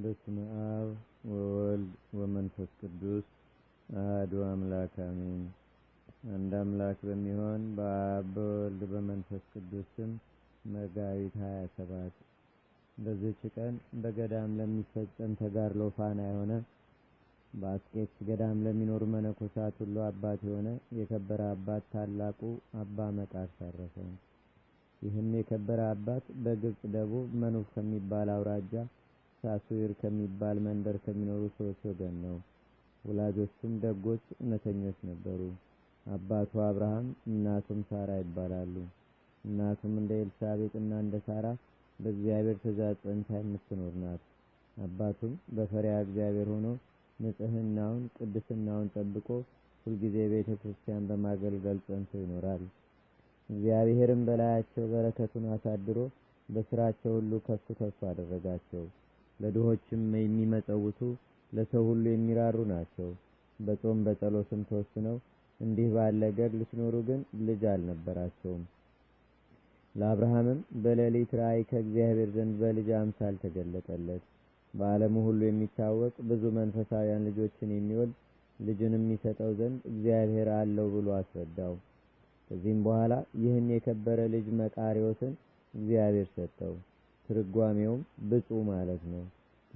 በስመ አብ ወወልድ ወመንፈስ ቅዱስ አሐዱ አምላክ አሜን። አንድ አምላክ በሚሆን በአብ በወልድ በመንፈስ ቅዱስ ስም መጋቢት ሀያ ሰባት በዚች ቀን በገዳም ለሚፈጸም ተጋድሎ ፋና የሆነ በአስቄት ገዳም ለሚኖሩ መነኮሳት ሁሉ አባት የሆነ የከበረ አባት ታላቁ አባ መቃር አረፈ። ይህም የከበረ አባት በግብፅ ደቡብ መኑፍ ከሚባል አውራጃ ሳሱር ከሚባል መንደር ከሚኖሩ ሰዎች ወገን ነው። ወላጆቹም ደጎች፣ እውነተኞች ነበሩ። አባቱ አብርሃም እናቱም ሳራ ይባላሉ። እናቱም እንደ እና እንደ ሳራ በእግዚአብሔር ትእዛዝ ጸንታ የምትኖር ናት። አባቱም በፈሪያ እግዚአብሔር ሆኖ ንጽህናውን ቅድስናውን ጠብቆ ሁልጊዜ ቤተ ክርስቲያን በማገልገል ጸንቶ ይኖራል። እግዚአብሔርም በላያቸው በረከቱን አሳድሮ በስራቸው ሁሉ ከፍ ከፍ አደረጋቸው። ለድሆችም የሚመጸውቱ ለሰው ሁሉ የሚራሩ ናቸው። በጾም በጸሎትም ተወስነው እንዲህ ባለ ገድል ሲኖሩ ግን ልጅ አልነበራቸውም። ለአብርሃምም በሌሊት ራእይ ከእግዚአብሔር ዘንድ በልጅ አምሳል ተገለጠለት። በዓለሙ ሁሉ የሚታወቅ ብዙ መንፈሳውያን ልጆችን የሚወልድ ልጅን የሚሰጠው ዘንድ እግዚአብሔር አለው ብሎ አስረዳው። ከዚህም በኋላ ይህን የከበረ ልጅ መቃሪዎትን እግዚአብሔር ሰጠው። ትርጓሜውም ብፁ ማለት ነው።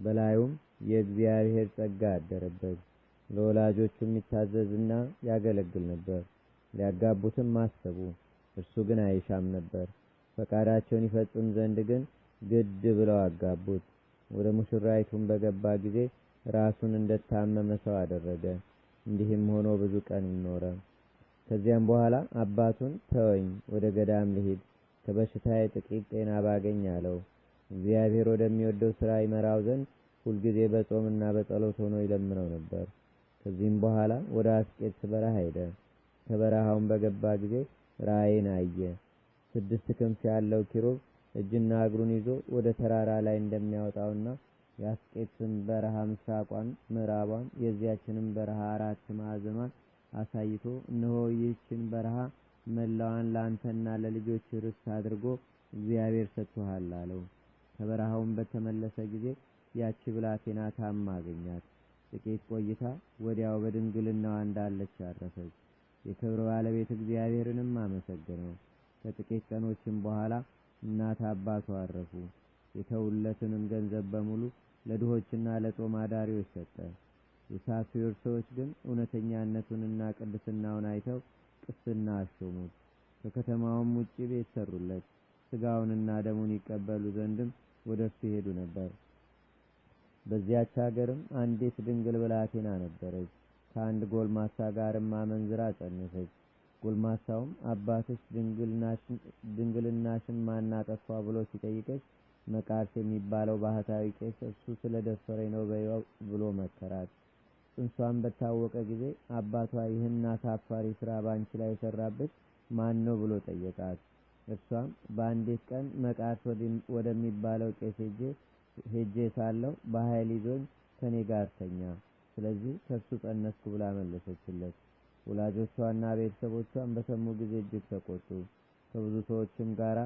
በላዩም የእግዚአብሔር ጸጋ አደረበት። ለወላጆቹም ይታዘዝና ያገለግል ነበር። ሊያጋቡትም አሰቡ። እርሱ ግን አይሻም ነበር። ፈቃዳቸውን ይፈጽም ዘንድ ግን ግድ ብለው አጋቡት። ወደ ሙሽራይቱን በገባ ጊዜ ራሱን እንደታመመ ሰው አደረገ። እንዲህም ሆኖ ብዙ ቀን ኖረ። ከዚያም በኋላ አባቱን ተወኝ፣ ወደ ገዳም ልሂድ፣ ከበሽታዬ ጥቂት ጤና ባገኝ አለው። እግዚአብሔር ወደሚወደው ስራ ይመራው ዘንድ ሁልጊዜ በጾምና በጸሎት ሆኖ ይለምነው ነበር። ከዚህም በኋላ ወደ አስቄጥስ በረሃ ሄደ። ከበረሃውን በገባ ጊዜ ራእይን አየ። ስድስት ክንፍ ያለው ኪሩብ እጅና እግሩን ይዞ ወደ ተራራ ላይ እንደሚያወጣውና የአስቄጥስን በረሃ ምስራቋን፣ ምዕራቧን የዚያችንም በረሃ አራት ማዕዘኗን አሳይቶ እነሆ ይህችን በረሃ መላዋን ለአንተና ለልጆች ርስት አድርጎ እግዚአብሔር ሰጥቶሃል አለው። ከበረሃውን በተመለሰ ጊዜ ያቺ ብላቴና ታማ አገኛት። ጥቂት ቆይታ ወዲያው በድንግልናዋ እንዳለች አረፈች። የክብር ባለቤት እግዚአብሔርንም አመሰገነው። ከጥቂት ቀኖችም በኋላ እናት አባቱ አረፉ። የተውለትንም ገንዘብ በሙሉ ለድሆችና ለጦም አዳሪዎች ሰጠ። የሳፊር ሰዎች ግን እውነተኛነቱንና ቅድስናውን አይተው ቅስና አሾሙት። ከከተማውም ውጭ ቤት ሰሩለት። ስጋውንና ደሙን ይቀበሉ ዘንድም ወደ እሱ ይሄዱ ነበር። በዚያች ሀገርም አንዲት ድንግል ብላቴና ነበረች። ከአንድ ጎልማሳ ጋርም አመንዝራ ጸነሰች። ጎልማሳውም አባትሽ ድንግልናሽን ማን አጠፋ ብሎ ሲጠይቀች መቃርስ የሚባለው ባህታዊ ቄስ እሱ ስለ ደፈረኝ ነው በይው ብሎ መከራት። ጽንሷን በታወቀ ጊዜ አባቷ ይህን አሳፋሪ ስራ ባንቺ ላይ የሰራበት ማን ነው ብሎ ጠየቃት። እርሷም በአንዲት ቀን መቃርስ ወደሚባለው ቄስ ሄጄ ሄጄ ሳለው በኃይል ይዞኝ ከኔ ጋር ተኛ። ስለዚህ ከሱ ጸነስኩ ብላ መለሰችለት። ወላጆቿና ቤተሰቦቿን በሰሙ ጊዜ እጅግ ተቆጡ። ከብዙ ሰዎችም ጋር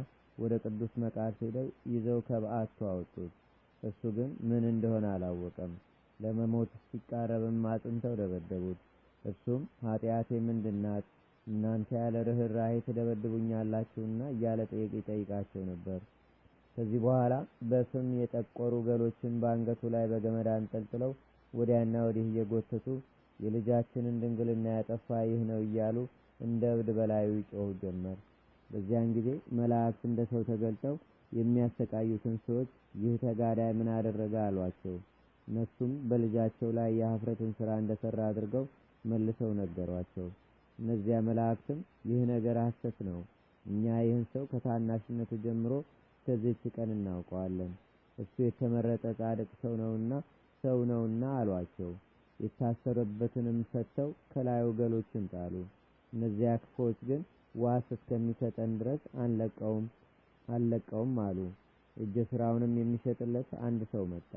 ወደ ቅዱስ መቃርስ ሄደው ይዘው ከበዓቱ አወጡት። እሱ ግን ምን እንደሆነ አላወቀም። ለመሞት ሲቃረብም አጽንተው ደበደቡት። እርሱም ኃጢአቴ ምንድናት እናንተ ያለ ርኅራኄ ትደበድቡኛላችሁና እያለ ይጠይቃቸው ነበር። ከዚህ በኋላ በፍም የጠቆሩ ገሎችን በአንገቱ ላይ በገመድ አንጠልጥለው ወዲያና ወዲህ እየጎተቱ የልጃችንን ድንግልና ያጠፋ ይህ ነው እያሉ እንደ እብድ በላዩ ይጮሁ ጀመር። በዚያን ጊዜ መላእክት እንደ ሰው ተገልጠው የሚያሰቃዩትን ሰዎች ይህ ተጋዳይ ምን አደረገ አሏቸው። እነሱም በልጃቸው ላይ የሀፍረትን ስራ እንደሰራ አድርገው መልሰው ነገሯቸው። እነዚያ መላእክትም ይህ ነገር ሐሰት ነው፣ እኛ ይህን ሰው ከታናሽነቱ ጀምሮ እስከዚች ቀን እናውቀዋለን፣ እሱ የተመረጠ ጻድቅ ሰው ነውና ሰው ነውና አሏቸው። የታሰረበትንም ሰጥተው ከላዩ ገሎችን ጣሉ። እነዚያ ክፎች ግን ዋስ እስከሚሰጠን ድረስ አንለቀውም አልለቀውም አሉ። እጀ ስራውንም የሚሸጥለት አንድ ሰው መጣ።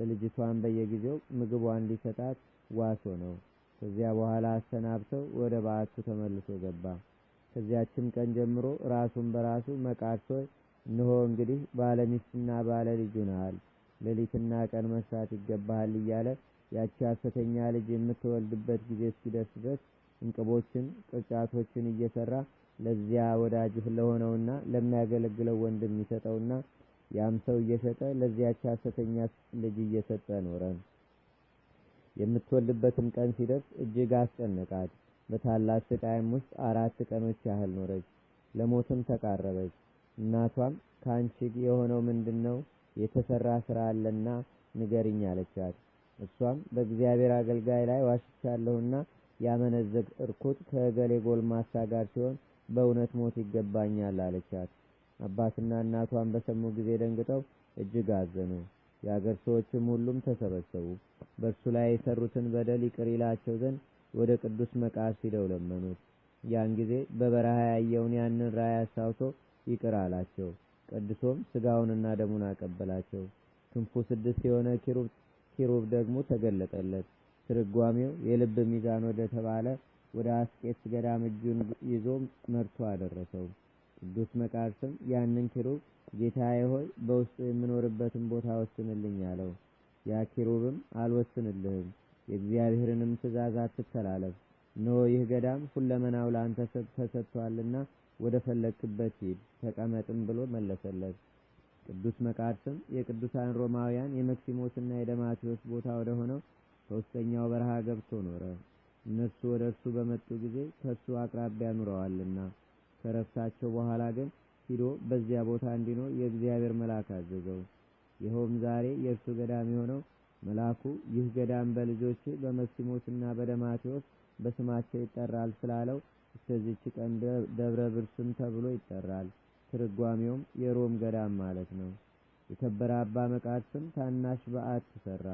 ለልጅቷን በየጊዜው ምግቧን እንዲሰጣት ዋስ ሆነው ከዚያ በኋላ አሰናብተው ወደ በዓቱ ተመልሶ ገባ። ከዚያችም ቀን ጀምሮ ራሱን በራሱ መቃቶ እንሆ እንግዲህ ባለሚስትና ባለ ልጅ ነሃል፣ ሌሊትና ቀን መስራት ይገባሃል እያለ ያቺ ሐሰተኛ ልጅ የምትወልድበት ጊዜ እስኪደርስ ድረስ እንቅቦችን፣ ቅርጫቶችን እየሰራ ለዚያ ወዳጅህ ለሆነውና ለሚያገለግለው ወንድም ይሰጠውና ያም ሰው እየሸጠ ለዚያች ሐሰተኛ ልጅ እየሰጠ ኖረን። የምትወልድበትም ቀን ሲደርስ እጅግ አስጨነቃት። በታላቅ ስቃይም ውስጥ አራት ቀኖች ያህል ኖረች፣ ለሞትም ተቃረበች። እናቷም ከአንቺ የሆነው ምንድን ነው? የተሰራ ስራ አለና ንገርኝ አለቻት። እሷም በእግዚአብሔር አገልጋይ ላይ ዋሽቻለሁና ያመነዘግ እርኩት ከእገሌ ጎልማሳ ጋር ሲሆን በእውነት ሞት ይገባኛል አለቻት። አባትና እናቷን በሰሙ ጊዜ ደንግጠው እጅግ አዘኑ። የአገር ሰዎችም ሁሉም ተሰበሰቡ። በእርሱ ላይ የሰሩትን በደል ይቅር ይላቸው ዘንድ ወደ ቅዱስ መቃርስ ሂደው ለመኑት። ያን ጊዜ በበረሃ ያየውን ያንን ራእይ አስታውሶ ይቅር አላቸው። ቀድሶም ስጋውንና ደሙን አቀበላቸው። ክንፉ ስድስት የሆነ ኪሩብ ደግሞ ተገለጠለት። ትርጓሜው የልብ ሚዛን ወደ ተባለ ወደ አስቄት ገዳም እጁን ይዞ መርቶ አደረሰው። ቅዱስ መቃርስም ያንን ኪሩብ ጌታዬ ሆይ በውስጡ የምኖርበትን ቦታ ወስንልኝ አለው። ያ ኪሩብም አልወስንልህም፣ የእግዚአብሔርንም ትእዛዝ አትተላለፍ፣ እነሆ ይህ ገዳም ሁለመናው ለአንተ ተሰጥቷልና ወደ ፈለግክበት ሂድ ተቀመጥም ብሎ መለሰለት። ቅዱስ መቃርስም የቅዱሳን ሮማውያን የመክሲሞስና የደማቴዎስ ቦታ ወደ ሆነው ሦስተኛው በረሃ ገብቶ ኖረ። እነርሱ ወደ እርሱ በመጡ ጊዜ ከእሱ አቅራቢያ ኑረዋልና ከረፍታቸው በኋላ ግን ሂዶ በዚያ ቦታ እንዲኖር የእግዚአብሔር መልአክ አዘዘው። ይኸውም ዛሬ የእርሱ ገዳም የሆነው መልአኩ ይህ ገዳም በልጆች በመክሲሞስና በደማቴዎስ በስማቸው ይጠራል ስላለው እስከዚች ቀን ደብረ ብርሱም ተብሎ ይጠራል። ትርጓሜውም የሮም ገዳም ማለት ነው። የከበረ አባ መቃርስም ታናሽ በዓት ተሰራ።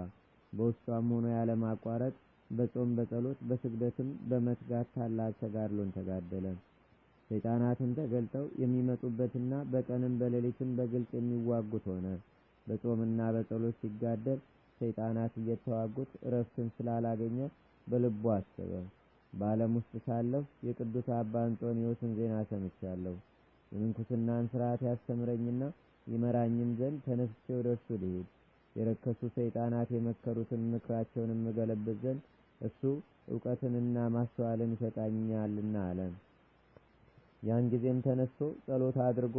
በውስጧም ሆኖ ያለ ማቋረጥ በጾም በጸሎት በስግደትም በመትጋት ታላቅ ተጋድሎን ተጋደለ። ሰይጣናትን ተገልጠው የሚመጡበትና በቀንም በሌሊትም በግልጽ የሚዋጉት ሆነ። በጾምና በጸሎት ሲጋደል ሰይጣናት እየተዋጉት እረፍትን ስላላገኘ በልቡ አሰበ። በዓለም ውስጥ ሳለሁ የቅዱስ አባ አንጦኒዎስን ዜና ሰምቻለሁ። የምንኩስናን ስርዓት ያስተምረኝና ይመራኝም ዘንድ ተነስቼ ወደ እሱ ልሄድ፣ የረከሱ ሰይጣናት የመከሩትን ምክራቸውን የምገለብት ዘንድ እሱ እውቀትንና ማስተዋልን ይሰጣኛልና አለ። ያን ጊዜም ተነስቶ ጸሎት አድርጎ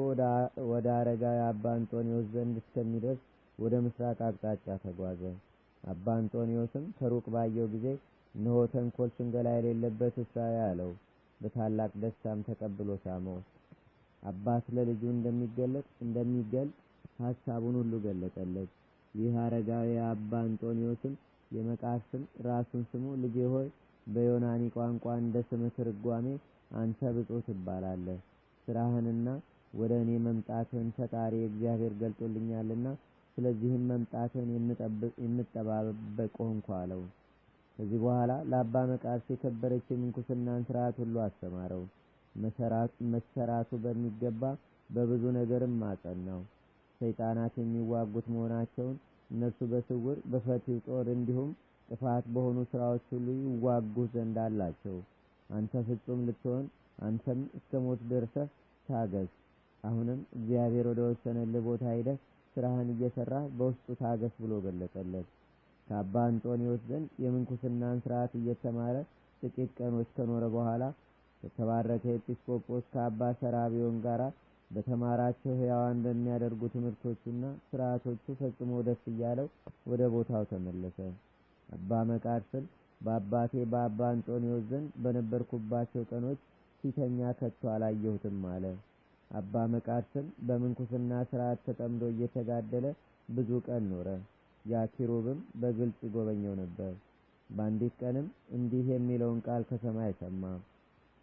ወደ አረጋዊ አባ አንጦኒዎስ ዘንድ እስከሚደርስ ወደ ምስራቅ አቅጣጫ ተጓዘ። አባ አንጦኒዎስም ከሩቅ ባየው ጊዜ እነሆ ተንኮል፣ ሽንገላ የሌለበት እስራኤ አለው። በታላቅ ደስታም ተቀብሎ ሳመው። አባት ለልጁ እንደሚገለጥ እንደሚገልጥ ሀሳቡን ሁሉ ገለጠለት። ይህ አረጋዊ አባ አንጦኒዎስም የመቃስም ራሱን ስሙ ልጄ ሆይ በዮናኒ ቋንቋ እንደ ስምህ ትርጓሜ አንተ ብፁዕ ትባላለህ፣ ስራህንና ወደ እኔ መምጣትህን ፈጣሪ እግዚአብሔር ገልጦልኛልና ስለዚህም መምጣትህን የምጠባበቅ ሆንኩ አለው። ከዚህ በኋላ ለአባ መቃርስ የከበረች የምንኩስናን ስርዓት ሁሉ አስተማረው። መሰራቱ በሚገባ በብዙ ነገርም አጸናው። ሰይጣናት የሚዋጉት መሆናቸውን እነርሱ በስውር በፈቲው ጦር እንዲሁም ጥፋት በሆኑ ስራዎች ሁሉ ይዋጉ ዘንድ አላቸው። አንተ ፍጹም ልትሆን አንተም እስከ ሞት ደርሰህ ታገስ። አሁንም እግዚአብሔር ወደ ወሰነልህ ቦታ ሂደህ ስራህን እየሰራ በውስጡ ታገስ ብሎ ገለጸለት። ከአባ አንጦኒዎስ ዘንድ የምንኩስናን ስርዓት እየተማረ ጥቂት ቀኖች ከኖረ በኋላ የተባረከ ኤጲስቆጶስ ከአባ ሰራቢዮን ጋር በተማራቸው ሕያዋን በሚያደርጉ ትምህርቶቹና ስርዓቶቹ ፈጽሞ ደስ እያለው ወደ ቦታው ተመለሰ። አባ መቃርስን በአባቴ በአባ አንጦኒዎስ ዘንድ በነበርኩባቸው ቀኖች ሲተኛ ከቶ አላየሁትም አለ። አባ መቃርስም በምንኩስና ስርዓት ተጠምዶ እየተጋደለ ብዙ ቀን ኖረ። ያ ኪሩብም በግልጽ ይጎበኘው ነበር። በአንዲት ቀንም እንዲህ የሚለውን ቃል ከሰማይ ሰማ።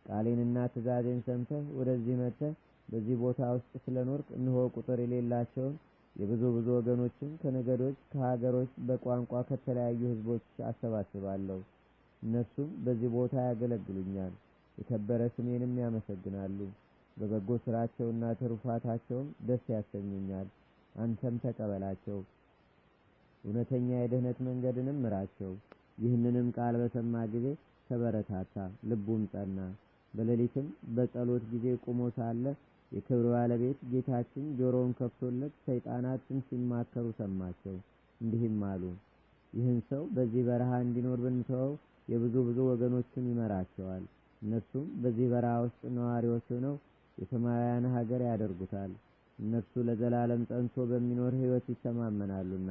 ቃሌንና ትእዛዜን ሰምተህ ወደዚህ መጥተህ በዚህ ቦታ ውስጥ ስለኖርክ እንሆ ቁጥር የሌላቸውን የብዙ ብዙ ወገኖችን ከነገዶች፣ ከሀገሮች፣ በቋንቋ ከተለያዩ ህዝቦች አሰባስባለሁ። እነሱም በዚህ ቦታ ያገለግሉኛል፣ የከበረ ስሜንም ያመሰግናሉ። በበጎ ስራቸውና ትሩፋታቸውም ደስ ያሰኙኛል። አንተም ተቀበላቸው፣ እውነተኛ የደህነት መንገድንም ምራቸው። ይህንንም ቃል በሰማ ጊዜ ተበረታታ፣ ልቡም ጸና። በሌሊትም በጸሎት ጊዜ ቁሞ ሳለ የክብር ባለቤት ጌታችን ጆሮውን ከፍቶለት ሰይጣናትን ሲማከሩ ሰማቸው። እንዲህም አሉ፣ ይህን ሰው በዚህ በረሃ እንዲኖር ብንተወው የብዙ ብዙ ወገኖችን ይመራቸዋል። እነርሱም በዚህ በረሃ ውስጥ ነዋሪዎች ሆነው የሰማያውያን ሀገር ያደርጉታል። እነርሱ ለዘላለም ጸንቶ በሚኖር ሕይወት ይተማመናሉና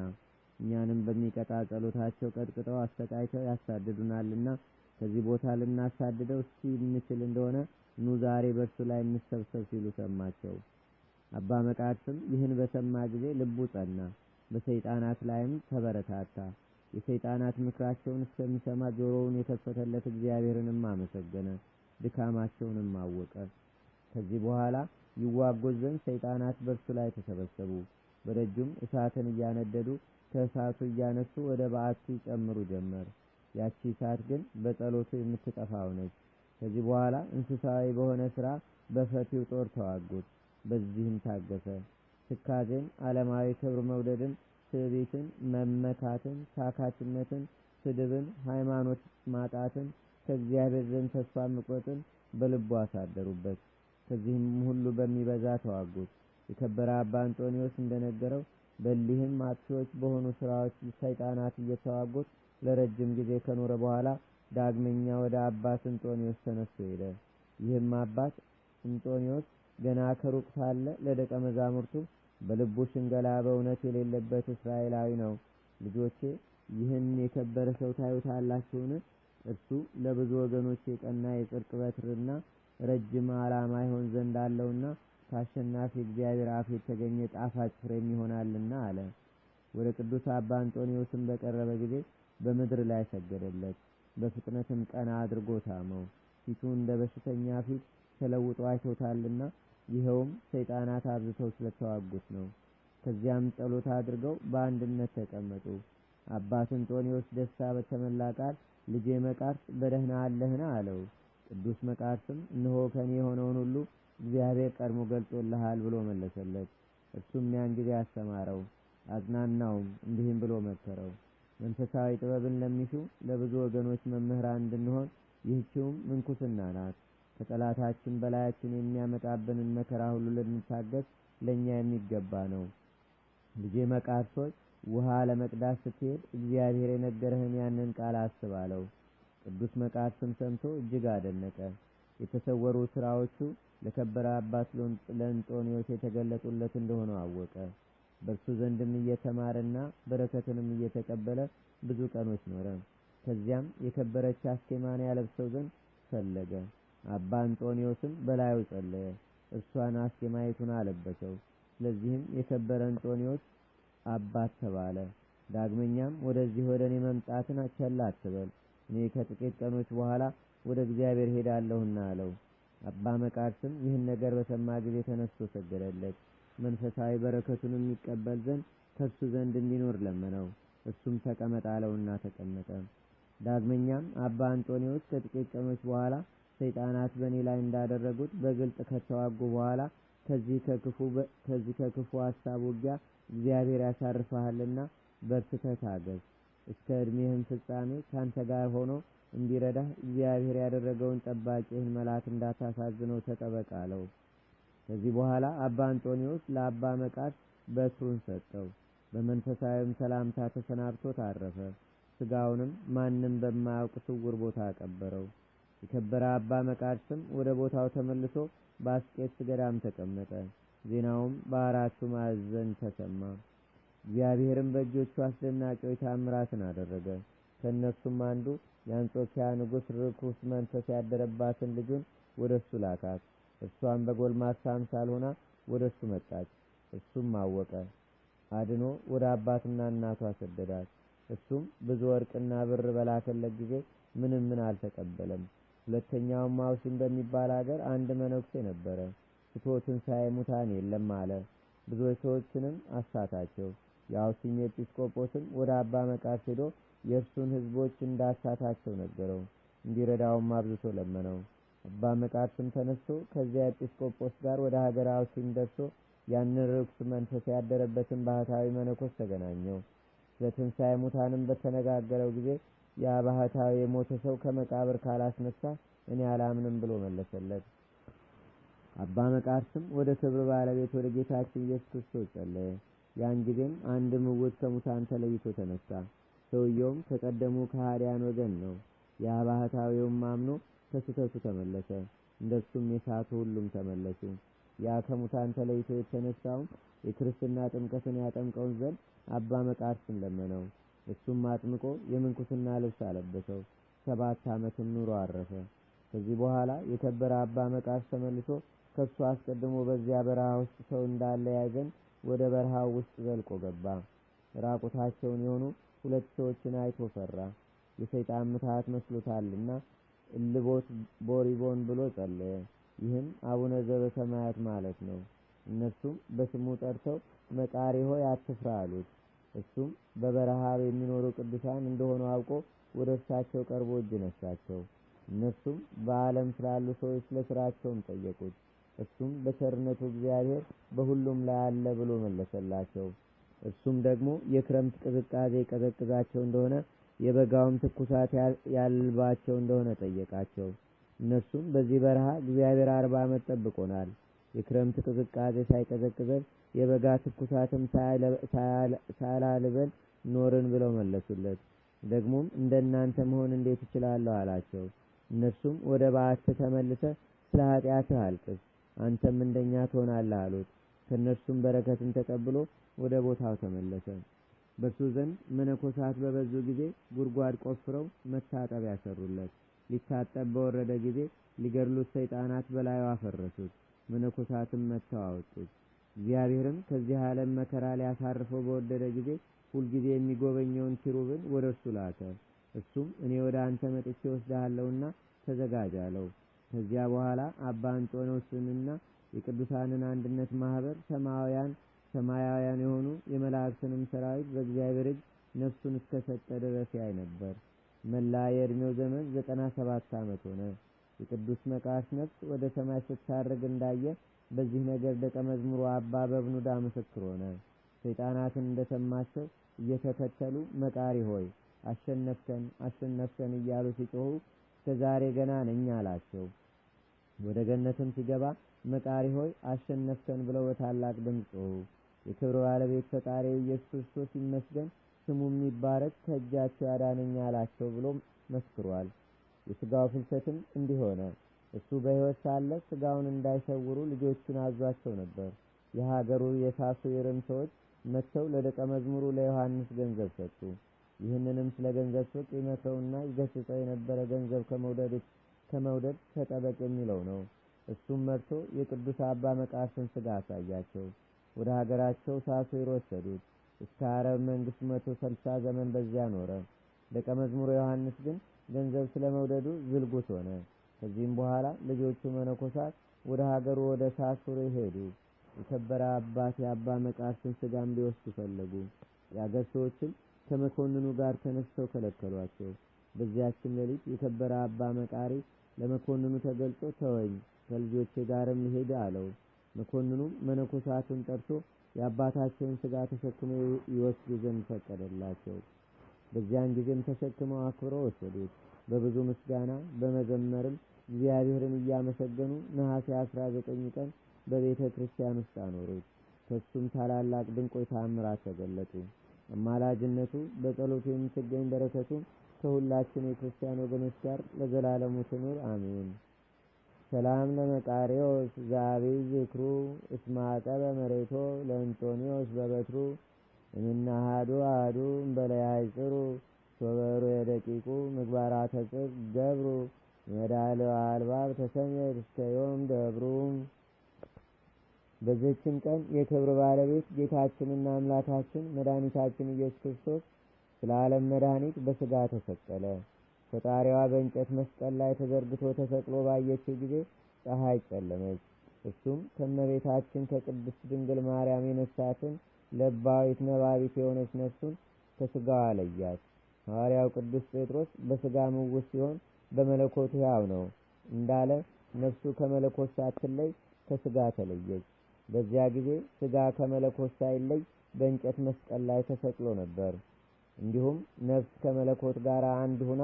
እኛንም በሚቀጣ ጸሎታቸው ቀጥቅጠው አሰቃይተው ያሳድዱናልና ከዚህ ቦታ ልናሳድደው እስኪ እንችል እንደሆነ ኑ ዛሬ በእርሱ ላይ እንሰብሰብ ሲሉ ሰማቸው። አባ መቃርስም ይህን በሰማ ጊዜ ልቡ ጸና፣ በሰይጣናት ላይም ተበረታታ። የሰይጣናት ምክራቸውን እስከሚሰማ ጆሮውን የከፈተለት እግዚአብሔርንም አመሰገነ፣ ድካማቸውንም አወቀ። ከዚህ በኋላ ይዋጎት ዘንድ ሰይጣናት በእርሱ ላይ ተሰበሰቡ። በደጁም እሳትን እያነደዱ ከእሳቱ እያነሱ ወደ በዓቱ ይጨምሩ ጀመር። ያቺ እሳት ግን በጸሎቱ የምትጠፋው ሆነች። ከዚህ በኋላ እንስሳዊ በሆነ ስራ በፈቲው ጦር ተዋጉት። በዚህም ታገሰ። ትካዜን፣ ዓለማዊ ክብር መውደድን፣ ትዕቢትን፣ መመካትን፣ ታካችነትን፣ ስድብን፣ ሃይማኖት ማጣትን፣ ከእግዚአብሔር ዘንድ ተስፋ መቁረጥን በልቡ አሳደሩበት። ከዚህም ሁሉ በሚበዛ ተዋጉት። የከበረ አባ አንጦኒዎስ እንደነገረው በሊህም አጥፊዎች በሆኑ ስራዎች ሰይጣናት እየተዋጉት ለረጅም ጊዜ ከኖረ በኋላ ዳግመኛ ወደ አባት እንጦንዮስ ተነስቶ ሄደ። ይህም አባት እንጦኒዎስ ገና ከሩቅ ሳለ ለደቀ መዛሙርቱ በልቡ ሽንገላ በእውነት የሌለበት እስራኤላዊ ነው። ልጆቼ ይህን የከበረ ሰው ታዩታላችሁን? እርሱ ለብዙ ወገኖች የቀና የጽድቅ በትርና ረጅም ዓላማ ይሆን ዘንድ አለውና ከአሸናፊ እግዚአብሔር አፍ የተገኘ ጣፋጭ ፍሬም ይሆናልና አለ። ወደ ቅዱስ አባ አንጦኒዎስም በቀረበ ጊዜ በምድር ላይ ሰገደለት። በፍጥነትም ቀና አድርጎ ሳመው። ፊቱ እንደ በሽተኛ ፊት ተለውጦ አይቶታልና ይኸውም ሰይጣናት አብዝተው ስለተዋጉት ነው። ከዚያም ጸሎት አድርገው በአንድነት ተቀመጡ። አባት ስንጦኒዎስ ደስታ በተመላ ቃል ልጄ መቃርስ በደህና አለህን? አለው። ቅዱስ መቃርስም እነሆ ከእኔ የሆነውን ሁሉ እግዚአብሔር ቀድሞ ገልጦልሃል ብሎ መለሰለት። እርሱም ያን ጊዜ አስተማረው፣ አጽናናውም፣ እንዲህም ብሎ መከረው መንፈሳዊ ጥበብን ለሚሹ ለብዙ ወገኖች መምህራን እንድንሆን ይህችውም ምንኩስና ናት። ከጠላታችን በላያችን የሚያመጣብንን መከራ ሁሉ ልንታገስ ለእኛ የሚገባ ነው። ልጄ መቃርሶች ውሃ ለመቅዳት ስትሄድ እግዚአብሔር የነገረህን ያንን ቃል አስብ አለው። ቅዱስ መቃርስም ሰምቶ እጅግ አደነቀ። የተሰወሩ ሥራዎቹ ለከበረ አባት ለእንጦንዮስ የተገለጡለት እንደሆነ አወቀ። በእርሱ ዘንድም እየተማረና በረከትንም እየተቀበለ ብዙ ቀኖች ኖረ። ከዚያም የከበረች አስኬማን ያለብሰው ዘንድ ፈለገ። አባ አንጦኒዮስም በላዩ ጸለየ፣ እርሷን አስኬማይቱን አለበሰው። ስለዚህም የከበረ አንጦኒዮስ አባት ተባለ። ዳግመኛም ወደዚህ ወደ እኔ መምጣትን ቸል አትበል፣ እኔ ከጥቂት ቀኖች በኋላ ወደ እግዚአብሔር ሄዳለሁና አለው። አባ መቃርስም ይህን ነገር በሰማ ጊዜ ተነስቶ ሰገደለት። መንፈሳዊ በረከቱን የሚቀበል ዘንድ ከእሱ ዘንድ እንዲኖር ለመነው። እሱም ተቀመጥ አለውና ተቀመጠ። ዳግመኛም አባ አንጦኒዎስ ከጥቂት ቀኖች በኋላ ሰይጣናት በእኔ ላይ እንዳደረጉት በግልጥ ከተዋጉ በኋላ ከዚህ ከክፉ ሀሳብ ውጊያ እግዚአብሔር ያሳርፈሃልና በርትተህ ታገዝ፣ እስከ ዕድሜህም ፍጻሜ ካንተ ጋር ሆኖ እንዲረዳህ እግዚአብሔር ያደረገውን ጠባቂህን መልአክ እንዳታሳዝነው ተጠበቅ አለው። ከዚህ በኋላ አባ አንጦኒዎስ ለአባ መቃት በትሩን ሰጠው። በመንፈሳዊም ሰላምታ ተሰናብቶ ታረፈ። ስጋውንም ማንም በማያውቅ ስውር ቦታ አቀበረው። የከበረ አባ መቃርስም ወደ ቦታው ተመልሶ በአስቄጥስ ገዳም ተቀመጠ። ዜናውም በአራቱ ማዕዘን ተሰማ። እግዚአብሔርም በእጆቹ አስደናቂዎች ታምራትን አደረገ። ከእነሱም አንዱ የአንጾኪያ ንጉሥ ርኩስ መንፈስ ያደረባትን ልጁን ወደ እሱ ላካት። እሷም በጎልማሳም ሳልሆና ወደ እሱ መጣች። እሱም አወቀ። አድኖ ወደ አባትና እናቷ ሰደዳት። እሱም ብዙ ወርቅና ብር በላከለት ጊዜ ምንም ምን አልተቀበለም። ሁለተኛውም አውሲን በሚባል አገር አንድ መነኩሴ ነበረ። ፍቶትን ትንሣኤ ሙታን የለም አለ። ብዙዎች ሰዎችንም አሳታቸው። የአውሲም ኤጲስቆጶስም ወደ አባ መቃርስ ሄዶ የእርሱን ሕዝቦች እንዳሳታቸው ነገረው። እንዲረዳውም አብዝቶ ለመነው። አባ መቃርስም ተነስቶ ከዚያ ኤጲስቆጶስ ጋር ወደ ሀገር አውሲም ደርሶ ያንን ርኩስ መንፈስ ያደረበትን ባህታዊ መነኮስ ተገናኘው። ለትንሣኤ ሙታንም በተነጋገረው ጊዜ ያ ባህታዊ የሞተ ሰው ከመቃብር ካላስነሳ እኔ አላምንም ብሎ መለሰለት። አባ መቃርስም ወደ ክብር ባለቤት ወደ ጌታችን ኢየሱስ ክርስቶስ ጸለየ። ያን ጊዜም አንድ ምውት ከሙታን ተለይቶ ተነሳ። ሰውየውም ከቀደሙ ከሃዲያን ወገን ነው። ያ ባህታዊውም አምኖ ከስተቱ ተመለሰ፣ እንደሱም የሳቱ ሁሉም ተመለሱ። ያ ከሙታን ተለይቶ የተነሳው የክርስትና ጥምቀትን ያጠምቀውን ዘንድ አባ መቃርስን ለመነው። እሱም አጥምቆ የምንኩስና ልብስ አለበሰው። ሰባት ዓመትም ኑሮ አረፈ። ከዚህ በኋላ የከበረ አባ መቃርስ ተመልሶ ከሱ አስቀድሞ በዚያ በረሃ ውስጥ ሰው እንዳለ ያዘን ወደ በረሃው ውስጥ ዘልቆ ገባ። ራቁታቸውን የሆኑ ሁለት ሰዎችን አይቶ ፈራ፣ የሰይጣን ምትሃት መስሎታልና እልቦት ቦሪቦን ብሎ ጸለየ። ይህም አቡነ ሰማያት ማለት ነው። እነሱም በስሙ ጠርተው መቃሪ ሆይ አትፍራ አሉት። እሱም በበረሃ የሚኖሩ ቅዱሳን እንደሆኑ አውቆ ወደ እርሳቸው ቀርቦ እጅ ነሳቸው። እነሱም በዓለም ስላሉ ሰዎች ስለ ስራቸውም ጠየቁት። እሱም በቸርነቱ እግዚአብሔር በሁሉም ላይ አለ ብሎ መለሰላቸው። እሱም ደግሞ የክረምት ቅዝቃዜ ቀዘቅዛቸው እንደሆነ የበጋውም ትኩሳት ያልባቸው እንደሆነ ጠየቃቸው። እነሱም በዚህ በረሃ እግዚአብሔር አርባ ዓመት ጠብቆናል። የክረምት ቅዝቃዜ ሳይቀዘቅዘን የበጋ ትኩሳትም ሳላልበን ኖርን ብለው መለሱለት። ደግሞም እንደ እናንተ መሆን እንዴት እችላለሁ አላቸው። እነሱም ወደ በዓት ተመልሰ ስለ ኃጢአትህ አልቅስ፣ አንተም እንደኛ ትሆናለህ አሉት። ከእነርሱም በረከትን ተቀብሎ ወደ ቦታው ተመለሰ። በእሱ ዘንድ መነኮሳት በበዙ ጊዜ ጉድጓድ ቆፍረው መታጠቢያ ሰሩለት። ሊታጠብ በወረደ ጊዜ ሊገድሉት ሰይጣናት በላዩ አፈረሱት፣ መነኮሳትም መጥተው አወጡት። እግዚአብሔርም ከዚህ ዓለም መከራ ሊያሳርፈው በወደደ ጊዜ ሁልጊዜ የሚጎበኘውን ኪሩብን ወደ እርሱ ላከ። እሱም እኔ ወደ አንተ መጥቼ ወስዳለሁና ተዘጋጅ አለው። ከዚያ በኋላ አባ አንጦኖስንና የቅዱሳንን አንድነት ማኅበር ሰማውያን ሰማያውያን የሆኑ የመላእክትንም ሰራዊት በእግዚአብሔር እጅ ነፍሱን እስከሰጠ ድረስ ያይ ነበር። መላ የዕድሜው ዘመን ዘጠና ሰባት ዓመት ሆነ። የቅዱስ መቃርስ ነፍስ ወደ ሰማይ ስታርግ እንዳየ በዚህ ነገር ደቀ መዝሙሩ አባ በብኑዳ ምስክር ሆነ። ሰይጣናትን እንደሰማቸው እየተከተሉ መቃሪ ሆይ አሸነፍከን፣ አሸነፍከን እያሉ ሲጮሁ እስከ ዛሬ ገና ነኝ አላቸው። ወደ ገነትም ሲገባ መቃሪ ሆይ አሸነፍከን ብለው በታላቅ ድምፅ ጮሁ። የክብር ባለቤት ፈጣሪ ኢየሱስ ክርስቶስ ይመስገን፣ ስሙ የሚባረክ ከእጃቸው ያዳነኝ አላቸው ብሎ መስክሯል። የስጋው ፍልሰትም እንዲሆነ እሱ በሕይወት ሳለ ስጋውን እንዳይሰውሩ ልጆቹን አዟቸው ነበር። የሀገሩ የርም ሰዎች መጥተው ለደቀ መዝሙሩ ለዮሐንስ ገንዘብ ሰጡ። ይህንንም ስለ ገንዘብ ሱቅ ይመክረውና ይገስጸው የነበረ ገንዘብ ከመውደድ ተጠበቅ የሚለው ነው። እሱም መርቶ የቅዱስ አባ መቃርስን ስጋ አሳያቸው። ወደ ሀገራቸው ሳሱር ወሰዱት። እስከ አረብ መንግስት መቶ ሰልሳ ዘመን በዚያ ኖረ። ደቀ መዝሙር ዮሐንስ ግን ገንዘብ ስለመውደዱ ዝልጉት ሆነ። ከዚህም በኋላ ልጆቹ መነኮሳት ወደ ሀገሩ ወደ ሳሱር ሄዱ። የከበረ አባት የአባ መቃርስን ስጋም ሊወስዱ ፈለጉ። የአገር ሰዎችም ከመኮንኑ ጋር ተነስተው ከለከሏቸው። በዚያችን ሌሊት የከበረ አባ መቃሪ ለመኮንኑ ተገልጾ ተወኝ፣ ከልጆቼ ጋርም ሊሄድ አለው። መኮንኑም መነኮሳትን ጠርቶ የአባታቸውን ስጋ ተሸክመው ይወስዱ ዘንድ ፈቀደላቸው። በዚያን ጊዜም ተሸክመው አክብረው ወሰዱት። በብዙ ምስጋና በመዘመርም እግዚአብሔርን እያመሰገኑ ነሐሴ 19 ቀን በቤተ ክርስቲያን ውስጥ አኖሩት። ከሱም ታላላቅ ድንቆይ ታምራት ተገለጡ። አማላጅነቱ በጸሎቱ የምትገኝ በረከቱም ከሁላችን የክርስቲያን ወገኖች ጋር ለዘላለሙ ትኑር አሜን። ሰላም ለመቃሪዎስ ዛቤ ዝክሩ እስማጠ በመሬቶ ለእንጦኒዎስ በበትሩ እምናሃዱ አህዱ ጽሩ ሶበሩ የደቂቁ ምግባራ ተጽቅ ገብሩ መዳለው አልባብ ተሰሜድ እስከዮም ደብሩ በዘችም ቀን የክብር ባለቤት ጌታችንና አምላካችን መድኃኒታችን ኢየሱስ ክርስቶስ ስለ ዓለም መድኃኒት በስጋ ተሰቀለ። ፈጣሪዋ በእንጨት መስቀል ላይ ተዘርግቶ ተሰቅሎ ባየችው ጊዜ ፀሐይ ጨለመች። እሱም ከእመቤታችን ከቅድስት ድንግል ማርያም የነሳትን ለባዊት ነባቢት የሆነች ነፍሱን ከስጋዋ ለያት። ሐዋርያው ቅዱስ ጴጥሮስ በስጋ ምውት ሲሆን በመለኮቱ ያው ነው እንዳለ ነፍሱ ከመለኮት ሳትለይ ከስጋ ተለየች። በዚያ ጊዜ ስጋ ከመለኮት ሳይለይ በእንጨት መስቀል ላይ ተሰቅሎ ነበር። እንዲሁም ነፍስ ከመለኮት ጋር አንድ ሁና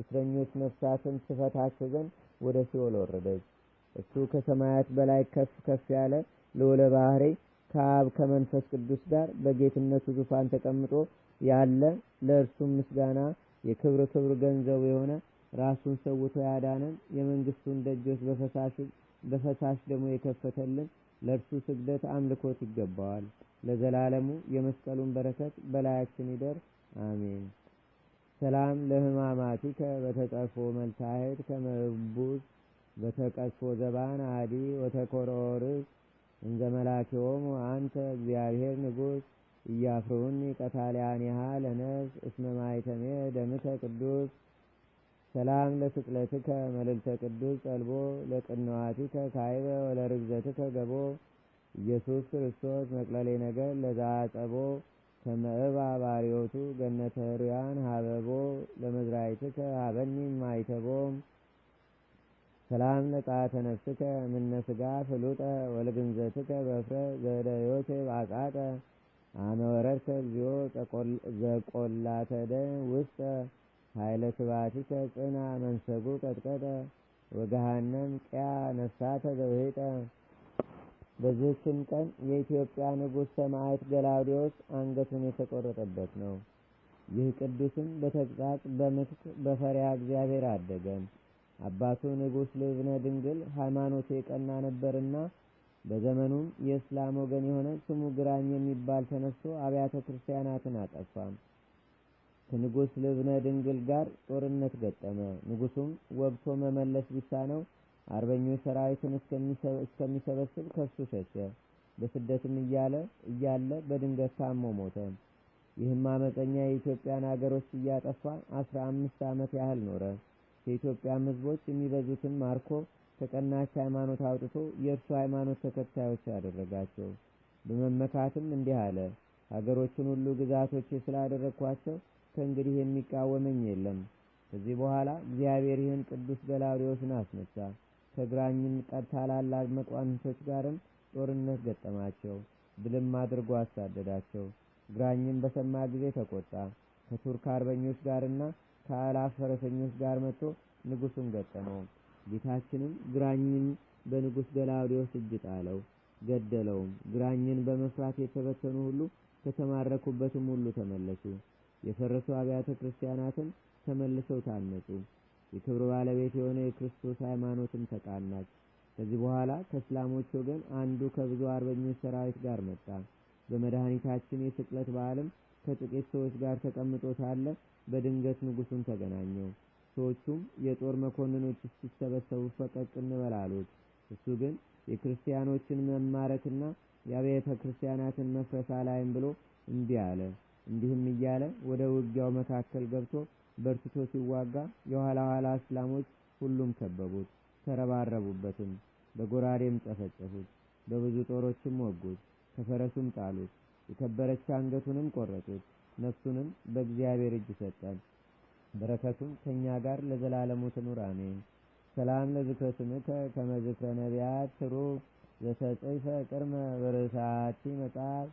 እስረኞች ነፍሳትን ትፈታቸው ዘንድ ወደ ሲኦል ወረደች። እሱ ከሰማያት በላይ ከፍ ከፍ ያለ ልዑለ ባህሪ ከአብ ከመንፈስ ቅዱስ ጋር በጌትነቱ ዙፋን ተቀምጦ ያለ ለእርሱም ምስጋና የክብር ክብር ገንዘቡ የሆነ ራሱን ሰውቶ ያዳነን የመንግስቱን ደጆች በፈሳሽ ደግሞ የከፈተልን ለእርሱ ስግደት አምልኮት ይገባዋል። ለዘላለሙ የመስቀሉን በረከት በላያችን ይደር። አሜን። ሰላም ለህማማቲከ በተቀፎ መልሳሄድ ከመቡዝ በተቀፎ ዘባን አዲ ወተኮሮርስ እንዘ መላኪዎም አንተ እግዚአብሔር ንጉሥ እያፍሩኒ ያሃ ለነፍስ እስመ ማይተሜ ደምተ ቅዱስ ሰላም ለስቅለትከ መልልተ ቅዱስ ጸልቦ ለቅንዋቲከ ካይበ ወለርግዘትከ ገቦ ኢየሱስ ክርስቶስ መቅለሌ ነገር ጸቦ ከመእባ ባሪዮቱ ገነተ ርያን ሀበቦ ለመዝራይትከ ሀበኒም ማይተቦም ሰላም ነጻተ ነፍስከ ምነ ስጋ ፍሉጠ ወለግንዘትከ በፍረ ዘደ ዮሴፍ አቃጠ አመ ወረድከ እግዚኦ ዘቆላተ ውስጠ ኃይለ ስባቲከ ጽና መንሰጉ ቀጥቀጠ ወገሃነም ቅያ ነፍሳተ ዘውሂጠ በዚህችም ቀን የኢትዮጵያ ንጉሥ ሰማዕት ገላውዴዎስ አንገቱን የተቆረጠበት ነው። ይህ ቅዱስም በተግሣጽ በምትክ በፈሪያ እግዚአብሔር አደገ። አባቱ ንጉሥ ልብነ ድንግል ሃይማኖቱ የቀና ነበርና በዘመኑም የእስላም ወገን የሆነ ስሙ ግራኝ የሚባል ተነስቶ አብያተ ክርስቲያናትን አጠፋ። ከንጉሥ ልብነ ድንግል ጋር ጦርነት ገጠመ። ንጉሱም ወግቶ መመለስ ቢሳነው አርበኞች ሰራዊትን እስከሚሰበስብ ከሱ ሸሸ። በስደትም እያለ እያለ በድንገት ታሞ ሞተ። ይህም አመፀኛ የኢትዮጵያን አገሮች እያጠፋ አስራ አምስት ዓመት ያህል ኖረ። ከኢትዮጵያም ህዝቦች የሚበዙትን ማርኮ ከቀናች ሃይማኖት አውጥቶ የእርሱ ሃይማኖት ተከታዮች አደረጋቸው። በመመካትም እንዲህ አለ፣ ሀገሮችን ሁሉ ግዛቶች ስላደረግኳቸው ከእንግዲህ የሚቃወመኝ የለም። ከዚህ በኋላ እግዚአብሔር ይህን ቅዱስ ገላውዴዎስን አስነሳ። ከግራኝን ታላላቅ አንሶች ጋርም ጦርነት ገጠማቸው። ድልም አድርጎ አሳደዳቸው። ግራኝም በሰማ ጊዜ ተቆጣ። ከቱርክ አርበኞች ጋርና ከአላፍ ፈረሰኞች ጋር መጥቶ ንጉሱን ገጠመው። ጌታችንም ግራኝን በንጉሥ ገላውዴዎስ እጅ ጣለው፣ ገደለውም። ግራኝን በመፍራት የተበተኑ ሁሉ ከተማረኩበትም ሁሉ ተመለሱ። የፈረሱ አብያተ ክርስቲያናትም ተመልሰው ታነጹ። የክብር ባለቤት የሆነ የክርስቶስ ሃይማኖትም ተቃናች። ከዚህ በኋላ ከእስላሞች ወገን አንዱ ከብዙ አርበኞች ሰራዊት ጋር መጣ። በመድኃኒታችን የስቅለት በዓልም ከጥቂት ሰዎች ጋር ተቀምጦ ሳለ በድንገት ንጉሱን ተገናኘው። ሰዎቹም የጦር መኮንኖች እስኪሰበሰቡ ፈቀቅ እንበል አሉት። እሱ ግን የክርስቲያኖችን መማረክና የአብያተ ክርስቲያናትን መፍረስ አላይም ብሎ እምቢ አለ። እንዲህም እያለ ወደ ውጊያው መካከል ገብቶ በርትቶ ሲዋጋ የኋላ ኋላ እስላሞች ሁሉም ከበቡት፣ ተረባረቡበትም፣ በጎራዴም ጨፈጨፉት፣ በብዙ ጦሮችም ወጉት፣ ከፈረሱም ጣሉት፣ የከበረች አንገቱንም ቆረጡት። ነፍሱንም በእግዚአብሔር እጅ ሰጠን። በረከቱም ከእኛ ጋር ለዘላለሙ ትኑር አሜን። ሰላም ለዝክረ ስምከ ከመ ዝክረ ነቢያት ትሩፍ ዘተጽሕፈ ቅድመ ብርሳቲ መጽሐፍ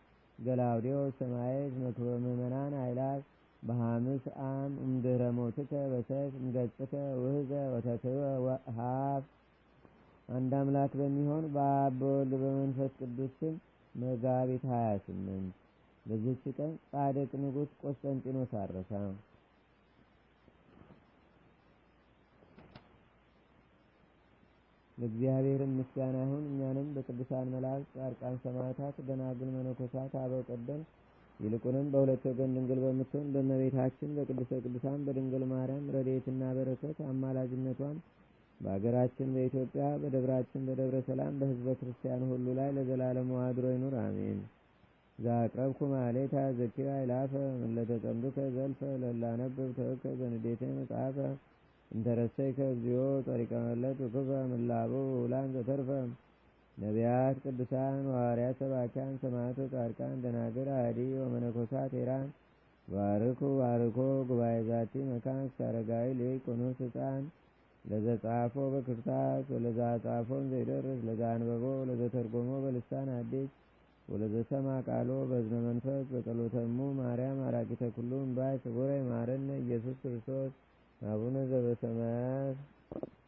ገላውዴዎስ ሰማየት መክበብ ምእመናን አይላት በሐምስ አም እምድኅረ ሞትከ በሰይፍ እንገጽከ ውህዘ ወተትወ ወሀብ አንድ አምላክ በሚሆን በአብ በወልድ በመንፈስ ቅዱስ ስም መጋቢት ሀያ ስምንት በዚች ቀን ጻድቅ ንጉሥ ቆስጠንጢኖስ አረፈ። ለእግዚአብሔር ምስጋና ይሁን እኛንም በቅዱሳን መላእክት፣ ጻድቃን፣ ሰማዕታት፣ ደናግል፣ መነኮሳት፣ አበው ቀደምት ይልቁንም በሁለት ወገን ድንግል በምትሆን በእመቤታችን በቅድስተ ቅዱሳን በድንግል ማርያም ረድኤትና በረከት አማላጅነቷን በአገራችን በኢትዮጵያ በደብራችን በደብረ ሰላም በሕዝበ ክርስቲያን ሁሉ ላይ ለዘላለሙ አድሮ ይኑር፣ አሜን። ዛቅረብኩ ማሌታ ዘኪራ ይላፈ ለተጸምዱከ ዘልፈ ለላነብብ ተወከ ዘንዴቴ መጽሐፈ እንተረሰይከ እግዚኦ ጸሪቀመለት ክፈ ምላቡ ውላን ዘተርፈ ነቢያት፣ ቅዱሳን፣ ሐዋርያት፣ ሰባኪያን፣ ሰማዕታት፣ ጻድቃን፣ ደናግል፣ አዲ ወመነኮሳት ቴራን ባርኩ ባርኮ ጉባኤ ዛቲ መካን ሳረጋዊ ልጅ ቆኖስ ህፃን ለዘጻፎ በክርታስ ወለዛ ጻፎን ዘይደርስ ለዛ አንበቦ ወለዘ ተርጎሞ በልሳን አዲስ ወለዘ ሰማ ቃሎ በዝነ መንፈስ በጸሎተሙ ማርያም አራቂተ ኩሉም ባይ ስቡረ ማረነ ኢየሱስ ክርስቶስ አቡነ ዘበሰማያት